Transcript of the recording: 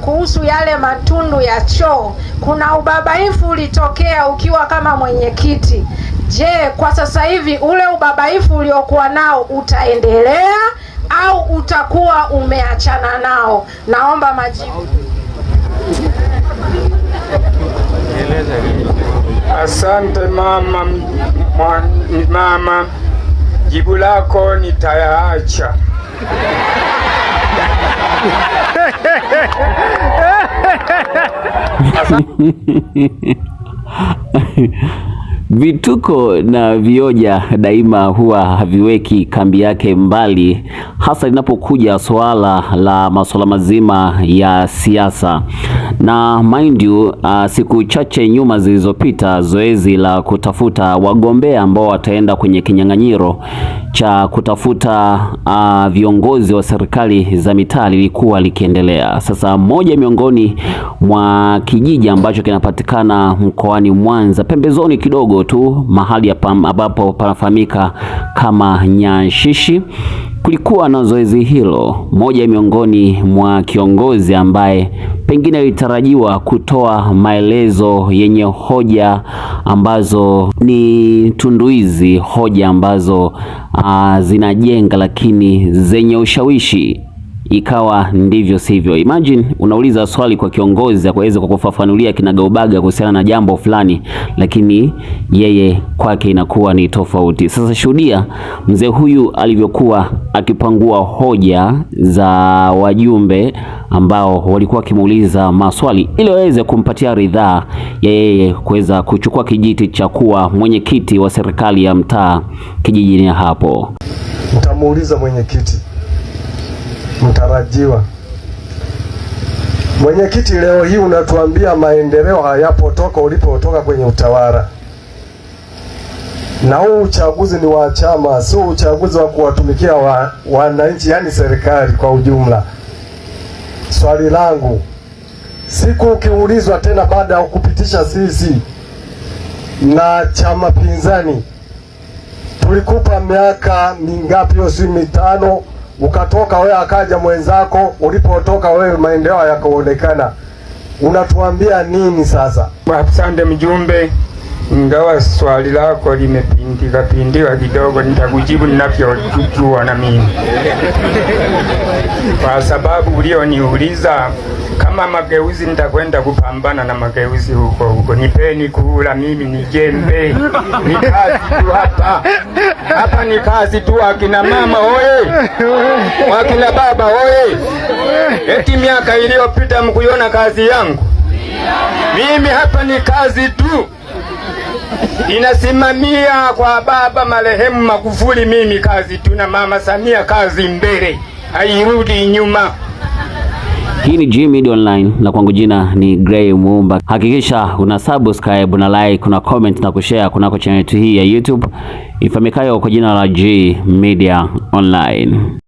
Kuhusu yale matundu ya choo, kuna ubabaifu ulitokea ukiwa kama mwenyekiti. Je, kwa sasa hivi ule ubabaifu uliokuwa nao utaendelea au utakuwa umeachana nao? Naomba majibu. Asante mama, mama, jibu lako nitayaacha Vituko na vioja daima huwa haviweki kambi yake mbali, hasa linapokuja swala la masuala mazima ya siasa. Na mind you, uh, siku chache nyuma zilizopita, zoezi la kutafuta wagombea ambao wataenda kwenye kinyang'anyiro cha kutafuta uh, viongozi wa serikali za mitaa lilikuwa likiendelea. Sasa moja miongoni mwa kijiji ambacho kinapatikana mkoani Mwanza pembezoni kidogo tu mahali ambapo panafahamika kama Nyanshishi Kulikuwa na zoezi hilo, moja miongoni mwa kiongozi ambaye pengine alitarajiwa kutoa maelezo yenye hoja ambazo ni tunduizi, hoja ambazo aa, ah, zinajenga lakini zenye ushawishi ikawa ndivyo sivyo. Imagine unauliza swali kwa kiongozi kwa kufafanulia kinagaubaga kuhusiana na jambo fulani, lakini yeye kwake inakuwa ni tofauti. Sasa shuhudia mzee huyu alivyokuwa akipangua hoja za wajumbe ambao walikuwa wakimuuliza maswali ili waweze kumpatia ridhaa ya yeye kuweza kuchukua kijiti cha kuwa mwenyekiti wa serikali ya mtaa kijijini hapo. Mtamuuliza mwenyekiti mtarajiwa. Mwenyekiti, leo hii unatuambia maendeleo hayapotoka ulipotoka kwenye utawala, na huu uchaguzi ni wa chama, sio uchaguzi wa kuwatumikia wananchi wa yaani serikali kwa ujumla. Swali langu siku ukiulizwa tena baada ya kupitisha sisi na chama pinzani tulikupa miaka mingapi? Hiyo si mitano ukatoka wewe, akaja mwenzako, ulipotoka wewe maendeleo yakaonekana. Unatuambia nini sasa? Asante mjumbe ingawa swali lako limepindika pindika kidogo, nitakujibu ninavyojua na mimi, kwa sababu ulioniuliza kama mageuzi, nitakwenda kupambana na mageuzi huko huko. Nipeni kula, mimi ni jembe, ni kazi tu hapa hapa, ni kazi tu. Akina mama oye, wakina baba oye! Eti miaka iliyopita mkuiona kazi yangu mimi hapa, ni kazi tu inasimamia kwa baba marehemu Magufuli, mimi kazi tuna mama Samia, kazi mbele hairudi nyuma. Hii ni Media Online na kwangu jina ni Gray Muumba. Hakikisha una subscribe, una like, na comment na kushare kunako channel yetu hii ya YouTube ifahamikayo kwa jina la G Media Online.